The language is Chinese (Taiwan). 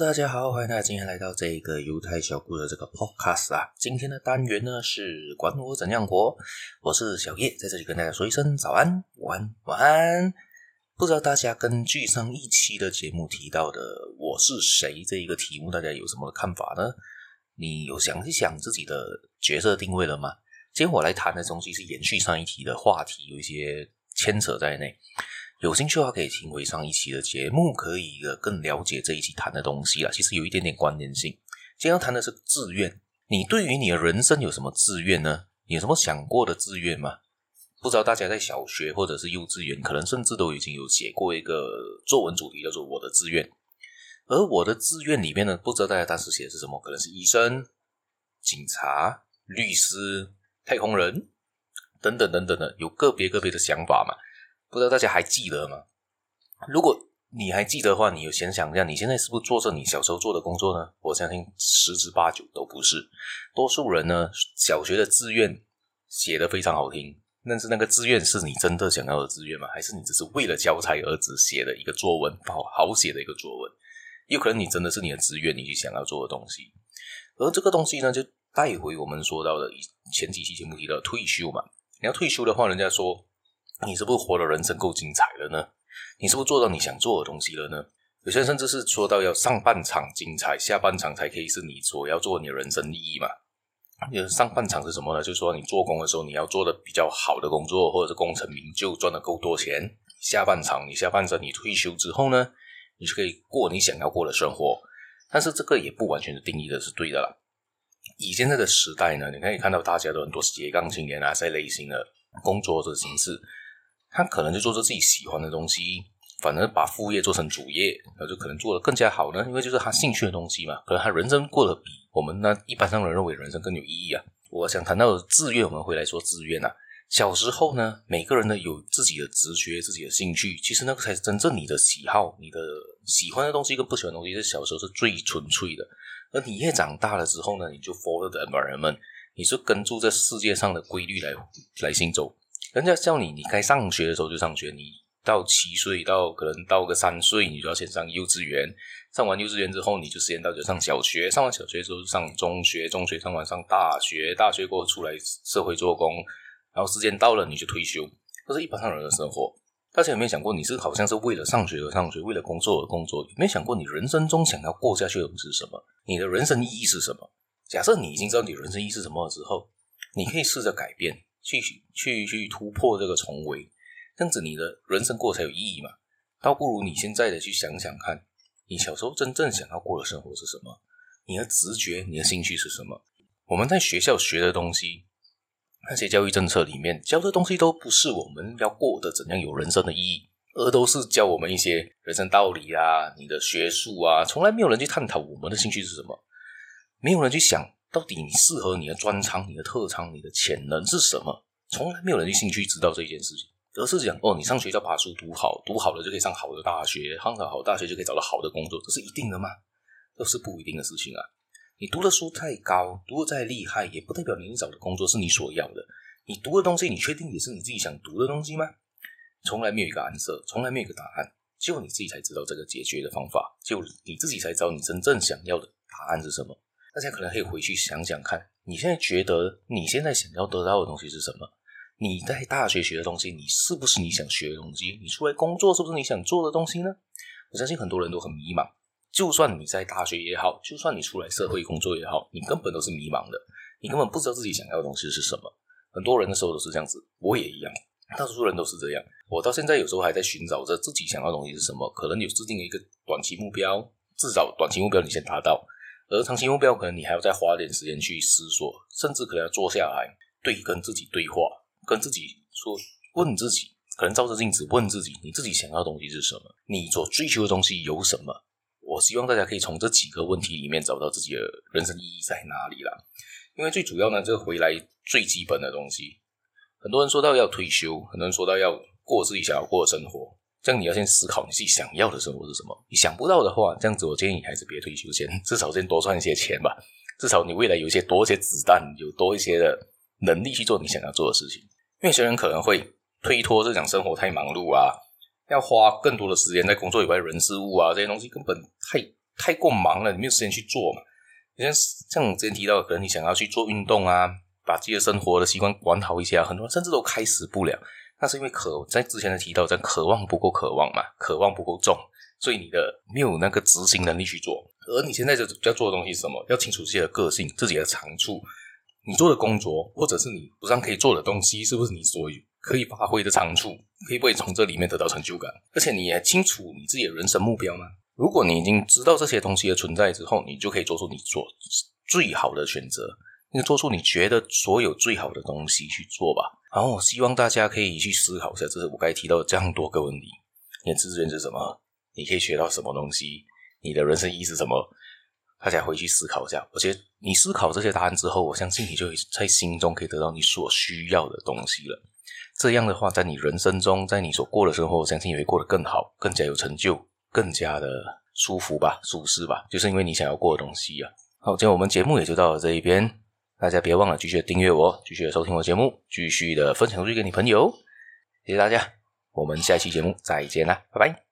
大家好，歡迎大家今天來到這個猶太小屋的這個 podcast 啊。今天的單元呢是管我怎樣活，我是小葉，在這裡跟大家說一聲早安、晚安、晚安。不知道大家根據上一期的節目提到的“我是誰”這一個題目，大家有什麼看法呢？你有想一想自己的角色定位了嗎？今天我來談的東西是延續上一題的話題，有一些牽扯在內。有興趣的話，可以聽回上一期的節目，可以更了解這一期談的東西啦，其實有一點點關聯性。今天要談的是志願，你對於你的人生有什麼志願呢？你有什麼想過的志願嗎？不知道大家在小學或者是幼稚園，可能甚至都已經有寫過一個作文主題叫做“我的志願”。而我的志願裡面呢，不知道大家當時寫的是什麼，可能是醫生、警察、律師、太空人等等等等的，有個別個別的想法嘛。不知道大家還記得嗎？如果你還記得的話，你有先想一下，你現在是不是做着你小時候做的工作呢？我相信十之八九都不是。多數人呢，小學的志願寫的非常好聽，但是那個志願是你真的想要的志願嗎？還是你只是為了教材而只寫了一個作文，不好好寫的一個作文？有可能你真的是你的志願，你去想要做的東西。而這個東西呢，就帶回我們說到的以前幾期節目提到退休嘛。你要退休的話，人家說。你是不是活得人生夠精彩了呢？你是不是做到你想做的東西了呢？有些人甚至是說到要上半場精彩，下半場才可以是你做，要做的你的人生意義嘛？上半場是什麼呢？就是說你做工的時候，你要做的比較好的工作，或者是功成名就，賺了夠多錢。下半場，你下半生，你退休之後呢，你就可以過你想要過的生活。但是這個也不完全是定義的是對的了。以現在的時代呢，你可以看到大家都很多斜槓青年啊，這些類型的工作的形式。他可能就做着自己喜歡的東西，反而把副業做成主業，那就可能做得更加好呢。因為就是他興趣的東西嘛，可能他人生過得比我們那一般上人認為人生更有意義啊。我想談到的志願，我們回來說志願啊。小時候呢，每個人呢有自己的直覺、自己的興趣，其實那個才是真正你的喜好、你的喜歡的東西跟不喜歡的東西，是小時候是最純粹的。而你越長大了之後呢，你就 follow the environment，你就跟住這世界上的規律來來行走。人家叫你，你該上學的時候就上學。你到七歲，到可能到個三歲，你就要先上幼稚園。上完幼稚園之後，你就時間到就上小學。上完小學之後就上中學，中學上完上大學，大學過後出來社會做工。然後時間到了，你就退休。這是一般上人的生活。大家有沒有想過，你是好像是為了上學而上學，為了工作而工作？有沒有想過你人生中想要過下去的是什麼？你的人生意義是什麼？假設你已經知道你的人生意義是什麼的時候，你可以試着改變。去去去突破這個重圍，這樣子你的人生過才有意義嘛？倒不如你現在的去想想看，你小時候真正想要過的生活是什麼？你的直覺、你的興趣是什麼？我們在學校學的東西，那些教育政策裡面教的東西，都不是我們要過得怎樣有人生的意義，而都是教我們一些人生道理啊、你的學術啊，從來沒有人去探討我們的興趣是什麼？沒有人去想。到底你適合你的專長、你的特長、你的潛能是什麼？從來沒有人有興趣知道這件事情，而是講哦，你上學要把書讀好，讀好了就可以上好的大學，上了，好，好的大學就可以找到好的工作，這是一定的嗎？這是不一定的事情啊！你讀的書再高，讀的再厲害，也不代表你找的工作是你所要的。你讀的東西，你確定也是你自己想讀的東西嗎？從來沒有一個答案，從來沒有一個答案，只有就你自己才知道這個解決的方法，就你自己才知道你真正想要的答案是什麼。大家可能可以回去想想看，你現在覺得你現在想要得到的東西是什麼？你在大學學的東西，你是不是你想學的東西？你出來工作是不是你想做的東西呢？我相信很多人都很迷茫。就算你在大學也好，就算你出來社會工作也好，你根本都是迷茫的，你根本不知道自己想要的東西是什麼。很多人的時候都是這樣子，我也一樣。大多數人都是這樣。我到現在有時候還在尋找着自己想要的東西是什麼。可能有制定了一個短期目標，至少短期目標你先達到。而長期目標，可能你還要再花點時間去思索，甚至可能要坐下來對跟自己對話，跟自己說，問自己，可能照着鏡子問自己，你自己想要的東西是什麼？你所追求的東西有什麼？我希望大家可以從這幾個問題裡面找到自己的人生意義在哪裡啦。因為最主要呢，這個回來最基本的東西，很多人說到要退休，很多人說到要過自己想要過的生活。這樣你要先思考你自己想要的生活是什麼。你想不到的話，這樣子我建議你還是別退休先，至少先多賺一些錢吧。至少你未來有一些多一些子彈，有多一些的能力去做你想要做的事情。因為有些人可能會推脫，這種生活太忙碌啊，要花更多的時間在工作以外的人事物啊，這些東西根本太太過忙了，你沒有時間去做嘛。你看像我之前提到的，可能你想要去做運動啊，把自己的生活的習慣管好一些、啊，很多人甚至都開始不了。那是因為渴在之前的提到，在渴望不夠渴望嘛，渴望不夠重，所以你的沒有那個執行能力去做。而你現在就要做的東西是什麼？要清楚自己的個性、自己的長處，你做的工作或者是你不上可以做的東西，是不是你所有可以發揮的長處，可以不可以從這裡面得到成就感？而且你也清楚你自己的人生目標嗎？如果你已經知道這些東西的存在之後，你就可以做出你做最好的選擇，你就做出你覺得所有最好的東西去做吧。然後我希望大家可以去思考一下，這是我該提到的這樣多個問題：你的志願是什麼？你可以學到什麼東西？你的人生意義是什麼？大家回去思考一下。我覺得你思考這些答案之後，我相信你就在心中可以得到你所需要的東西了。這樣的話，在你人生中，在你所過的生活，我相信你會過得更好，更加有成就，更加的舒服吧、舒適吧，就是因為你想要過的東西啊。好，今天我們節目也就到了這一邊。大家別忘了繼續訂閱我，繼續收聽我的節目，繼續的分享出去給你朋友。謝謝大家，我們下期節目再見啦，拜拜。